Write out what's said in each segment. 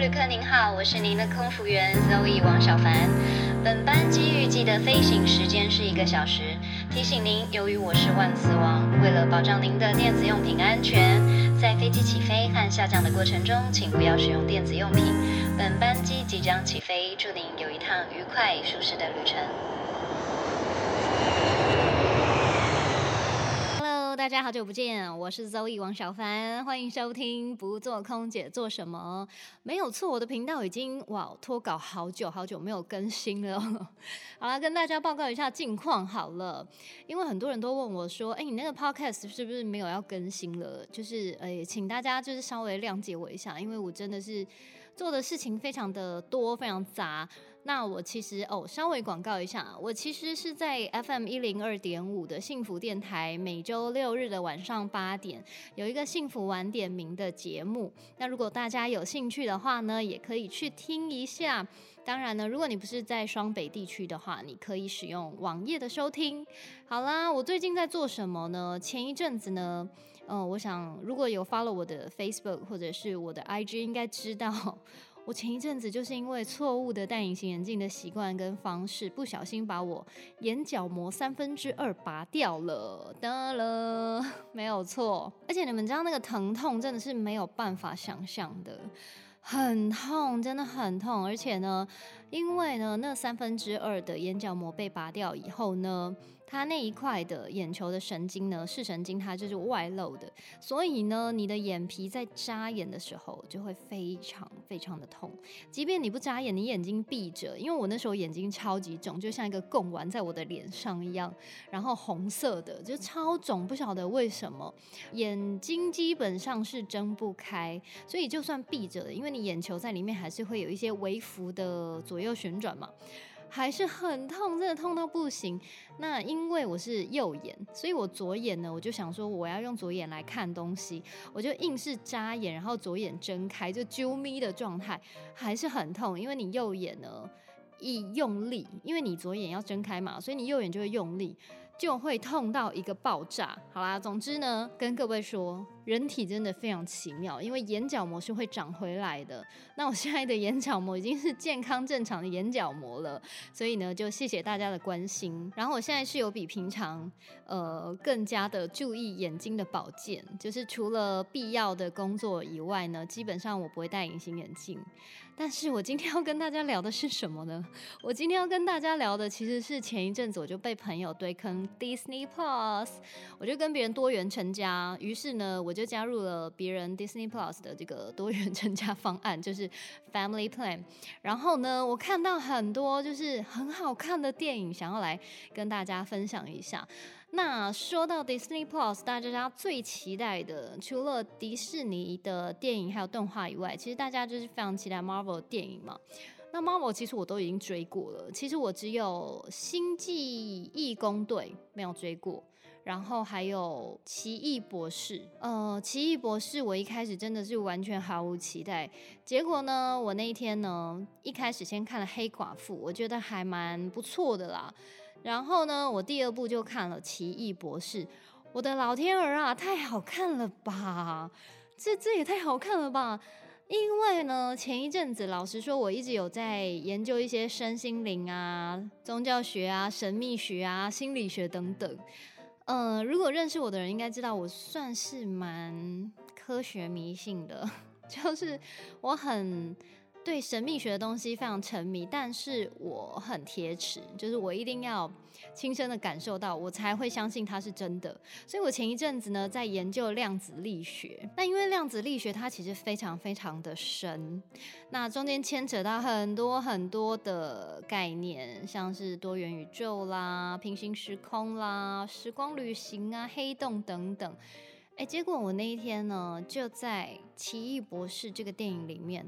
旅客您好，我是您的空服員 Zoe 王小凡。本班機預計的飛行時間是一個小時。提醒您，由於我是萬磁王，為了保障您的電子用品安全，在飛機起飛和下降的過程中，請不要使用電子用品。本班機即將起飛，祝您有一趟愉快舒適的旅程。大家好久不見，我是 Zoe 王小凡，歡迎收聽。不做空姐做什麼？沒有錯，我的頻道已經哇脫稿好久好久沒有更新了。好了，跟大家報告一下近況好了，因為很多人都問我說，哎，你那個 podcast 是不是沒有要更新了？就是誒，請大家就是稍微諒解我一下，因為我真的是。做的事情非常的多，非常雜。那我其實哦，稍微廣告一下，我其實是在 FM 一零二點五的幸福電臺，每周六日的晚上八點有一個幸福晚點名的節目。那如果大家有興趣的話呢，也可以去聽一下。當然呢，如果你不是在雙北地區的話，你可以使用網頁的收聽。好啦，我最近在做什麼呢？前一陣子呢，嗯、呃，我想如果有 follow 我的 Facebook 或者是我的 IG，應該知道我前一陣子就是因為錯誤的戴隱形眼鏡的習慣跟方式，不小心把我眼角膜三分之二拔掉了。得了，沒有錯，而且你們知道那個疼痛真的是沒有辦法想象的。很痛，真的很痛，而且呢，因為呢，那三分之二的眼角膜被拔掉以後呢，它那一塊的眼球的神經呢，視神經它就是外露的，所以呢，你的眼皮在眨眼的時候就會非常非常的痛。即便你不眨眼，你眼睛閉着，因為我那時候眼睛超級腫，就像一個貢丸在我的臉上一樣，然後紅色的就超腫，不曉得為什麼，眼睛基本上是睜不開，所以就算閉着，因為你眼球在裡面還是會有一些微幅的左右。左右旋轉嘛，還是很痛，真的痛到不行。那因為我是右眼，所以我左眼呢，我就想說我要用左眼來看東西，我就硬是眨眼，然後左眼睜開，就啾咪的狀態，還是很痛。因為你右眼呢，一用力，因為你左眼要睜開嘛，所以你右眼就會用力。就會痛到一個爆炸，好啦，總之呢，跟各位說，人體真的非常奇妙，因為眼角膜是會長回來的。那我現在的眼角膜已經是健康正常的眼角膜了，所以呢，就謝謝大家的關心。然後我現在是有比平常呃更加的注意眼睛的保健，就是除了必要的工作以外呢，基本上我不會戴隱形眼鏡。但是我今天要跟大家聊的是什麼呢？我今天要跟大家聊的其實是前一陣子我就被朋友推坑。Disney Plus，我就跟別人多元成家，於是呢，我就加入了別人 Disney Plus 的這個多元成家方案，就是 Family Plan。然後呢，我看到很多就是很好看的電影，想要來跟大家分享一下。那說到 Disney Plus，大家最期待的，除了迪士尼的電影還有動畫以外，其實大家就是非常期待 Marvel 電影嘛。那 Marvel 其實我都已經追過了，其實我只有《星際異攻隊》沒有追過，然後還有《奇異博士》。呃，《奇異博士》我一開始真的是完全毫無期待，結果呢，我那一天呢，一開始先看了《黑寡婦》，我覺得還蠻不錯的啦。然後呢，我第二部就看了《奇異博士》，我的老天兒啊，太好看了吧！這這也太好看了吧！因為呢，前一陣子老實說，我一直有在研究一些身心靈啊、宗教學啊、神秘學啊、心理學等等。嗯、呃，如果認識我的人應該知道，我算是蠻科學迷信的，就是我很。對神秘學的東西非常沉迷，但是我很鐵齒，就是我一定要親身的感受到，我才會相信它是真的。所以我前一陣子呢，在研究量子力學。那因為量子力學它其實非常非常的深，那中間牽扯到很多很多的概念，像是多元宇宙啦、平行時空啦、時光旅行啊、黑洞等等。哎，結果我那一天呢，就在《奇異博士》這個電影裡面。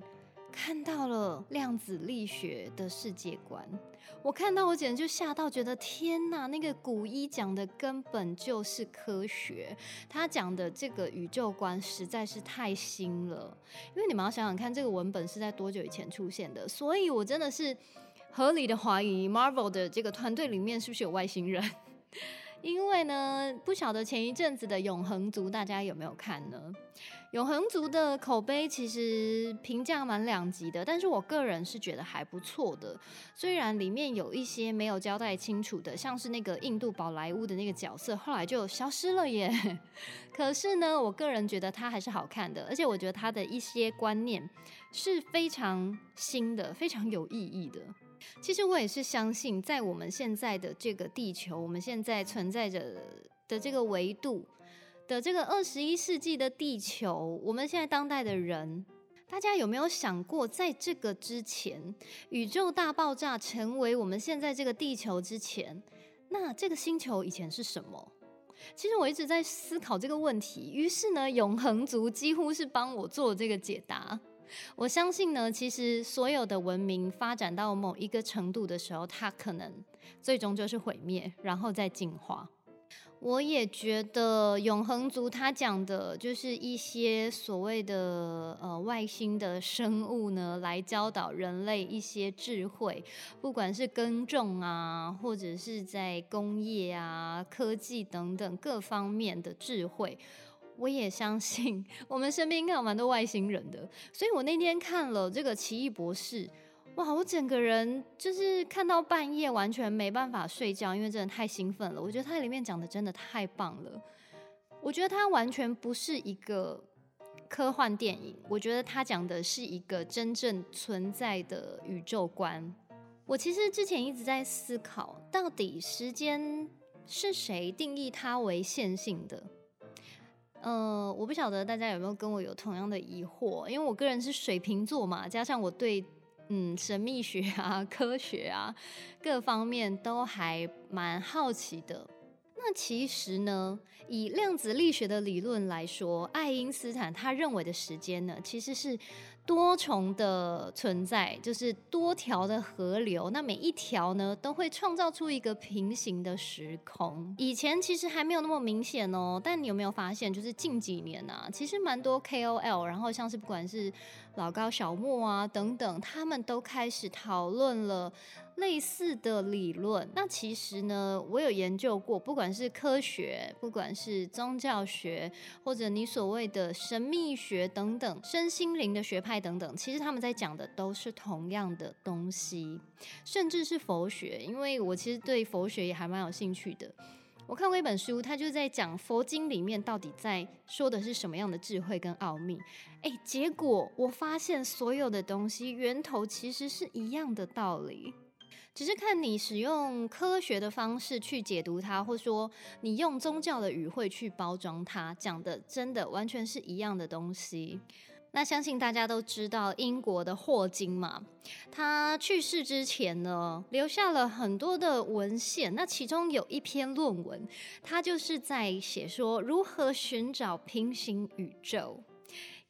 看到了量子力學的世界觀，我看到我簡直就嚇到，覺得天哪，那個古一講的根本就是科學，他講的這個宇宙觀實在是太新了。因為你們要想想看，這個文本是在多久以前出現的，所以我真的是合理的懷疑，Marvel 的這個團隊裡面是不是有外星人？因為呢，不曉得前一陣子的永恆族大家有沒有看呢？永恆族的口碑其實評價蠻兩極的，但是我個人是覺得還不錯的。雖然裡面有一些沒有交代清楚的，像是那個印度寶萊塢的那個角色後來就消失了耶。可是呢，我個人覺得它還是好看的，而且我覺得它的一些觀念是非常新的，非常有意義的。其實我也是相信，在我們現在的這個地球，我們現在存在着的這個維度。的這個二十一世紀的地球，我們現在當代的人，大家有沒有想過，在這個之前，宇宙大爆炸成為我們現在這個地球之前，那這個星球以前是什麼？其實我一直在思考這個問題，於是呢，永恆族幾乎是幫我做這個解答。我相信呢，其實所有的文明發展到某一個程度的時候，它可能最終就是毀滅，然後再進化。我也覺得《永恆族》他講的就是一些所謂的呃外星的生物呢，來教導人類一些智慧，不管是耕種啊，或者是在工業啊、科技等等各方面的智慧。我也相信我們身邊應該有蠻多外星人的，所以我那天看了這個《奇異博士》。哇！我整個人就是看到半夜，完全沒辦法睡覺，因為真的太興奮了。我覺得它裡面講的真的太棒了。我覺得它完全不是一個科幻電影，我覺得它講的是一個真正存在的宇宙觀。我其實之前一直在思考，到底時間是誰定義它為線性的？呃，我不曉得大家有沒有跟我有同樣的疑惑，因為我個人是水瓶座嘛，加上我對。嗯，神秘學啊，科學啊，各方面都還蠻好奇的。那其實呢，以量子力學的理論來說，愛因斯坦他認為的時間呢，其實是，多重的存在就是多條的河流，那每一條呢都會創造出一個平行的時空。以前其實還沒有那麼明顯哦、喔，但你有沒有發現，就是近幾年啊，其實蠻多 KOL，然後像是不管是老高、小茉啊等等，他們都開始討論了類似的理論。那其實呢，我有研究過，不管是科學，不管是宗教學，或者你所謂的神秘學等等，身心靈的學派。等等，其實他們在講的都是同樣的東西，甚至是佛學，因為我其實對佛學也還蠻有興趣的。我看過一本書，他就在講佛經裡面到底在說的是什麼樣的智慧跟奧秘。欸，結果我發現所有的東西源頭其實是一樣的道理，只是看你使用科學的方式去解讀它，或說你用宗教的語彙去包裝它，講的真的完全是一樣的東西。那相信大家都知道英國的霍金嘛，他去世之前呢，留下了很多的文獻。那其中有一篇論文，他就是在寫說如何尋找平行宇宙。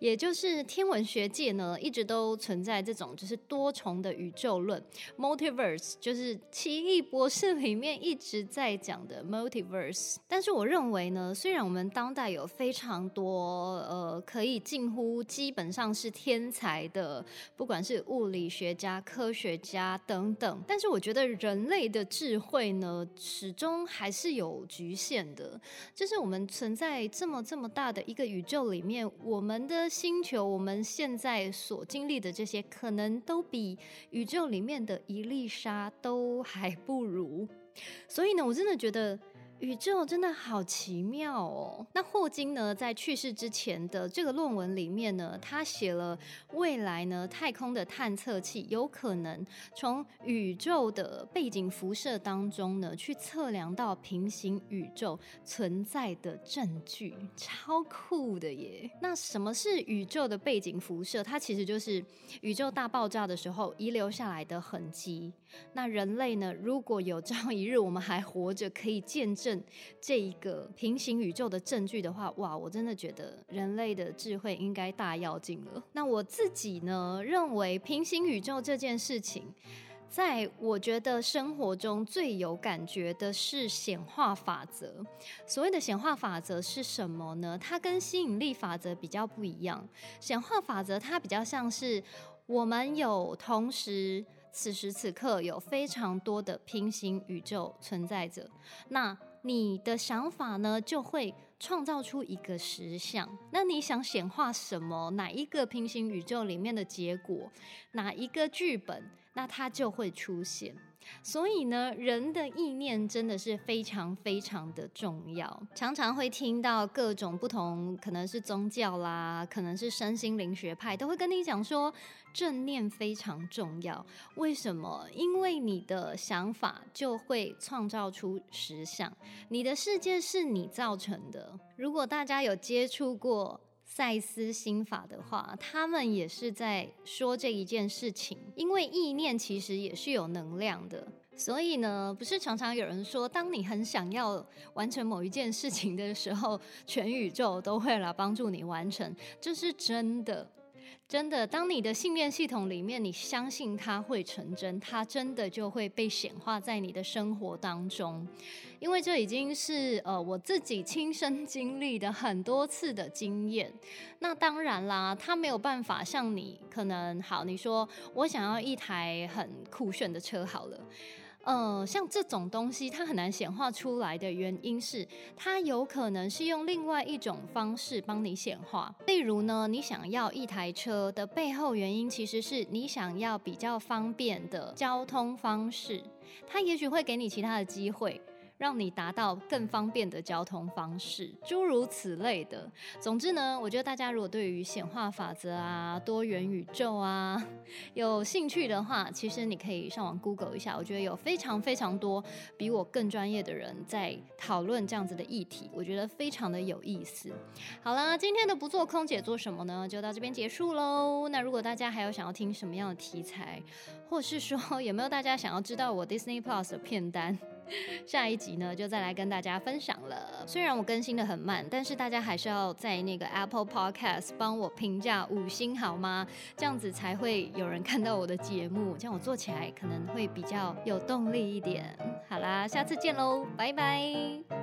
也就是天文學界呢，一直都存在這種就是多重的宇宙論 （Multiverse），就是《奇異博士》裡面一直在講的 Multiverse。但是我認為呢，雖然我們當代有非常多呃可以近乎基本上是天才的，不管是物理學家、科學家等等，但是我覺得人類的智慧呢，始終還是有局限的。就是我們存在這麼這麼大的一個宇宙裡面，我們的。星球我們現在所經歷的這些，可能都比宇宙裡面的一粒沙都還不如，所以呢，我真的覺得。宇宙真的好奇妙哦！那霍金呢，在去世之前的這個論文裡面呢，他寫了未來呢，太空的探測器有可能從宇宙的背景輻射當中呢，去測量到平行宇宙存在的證據，超酷的耶！那什麼是宇宙的背景輻射？它其實就是宇宙大爆炸的時候遺留下來的痕跡。那人類呢，如果有朝一日我們還活着，可以見證。這一個平行宇宙的證據的話，哇，我真的覺得人類的智慧應該大要緊了。那我自己呢，認為平行宇宙這件事情，在我覺得生活中最有感覺的是顯化法則。所謂的顯化法則是什麼呢？它跟吸引力法則比較不一樣。顯化法則它比較像是我們有同時，此時此刻有非常多的平行宇宙存在着。那你的想法呢，就會創造出一個實相。那你想顯化什麼？哪一個平行宇宙裡面的結果？哪一個劇本？那它就會出現。所以呢，人的意念真的是非常非常的重要。常常會聽到各種不同，可能是宗教啦，可能是身心靈學派，都會跟你講說，正念非常重要。為什麼？因為你的想法就會創造出實相，你的世界是你造成的。如果大家有接觸過。賽斯心法的話，他們也是在說這一件事情，因為意念其實也是有能量的，所以呢，不是常常有人說，當你很想要完成某一件事情的時候，全宇宙都會來幫助你完成，這是真的。真的，當你的信念系統裡面，你相信它會成真，它真的就會被顯化在你的生活當中。因為這已經是呃我自己親身經歷的很多次的經驗。那當然啦，它沒有辦法像你可能好，你說我想要一台很酷炫的車，好了。呃，像這種東西，它很難顯化出來的原因是，它有可能是用另外一種方式幫你顯化。例如呢，你想要一台車的背後原因，其實是你想要比較方便的交通方式，它也許會給你其他的機會。讓你達到更方便的交通方式，諸如此類的。總之呢，我覺得大家如果對於顯化法則啊、多元宇宙啊有興趣的話，其實你可以上網 Google 一下。我覺得有非常非常多比我更專業的人在討論這樣子的議題，我覺得非常的有意思。好啦，今天的不做空姐做什麼呢？就到這邊結束嘍。那如果大家還有想要聽什麼樣的題材，或是說有沒有大家想要知道我 Disney Plus 的片單？下一集呢，就再來跟大家分享了。雖然我更新的很慢，但是大家還是要在那個 Apple Podcast 幫我評價五星好嗎？這樣子才會有人看到我的節目，這樣我做起來可能會比較有動力一點。好啦，下次見嘍，拜拜。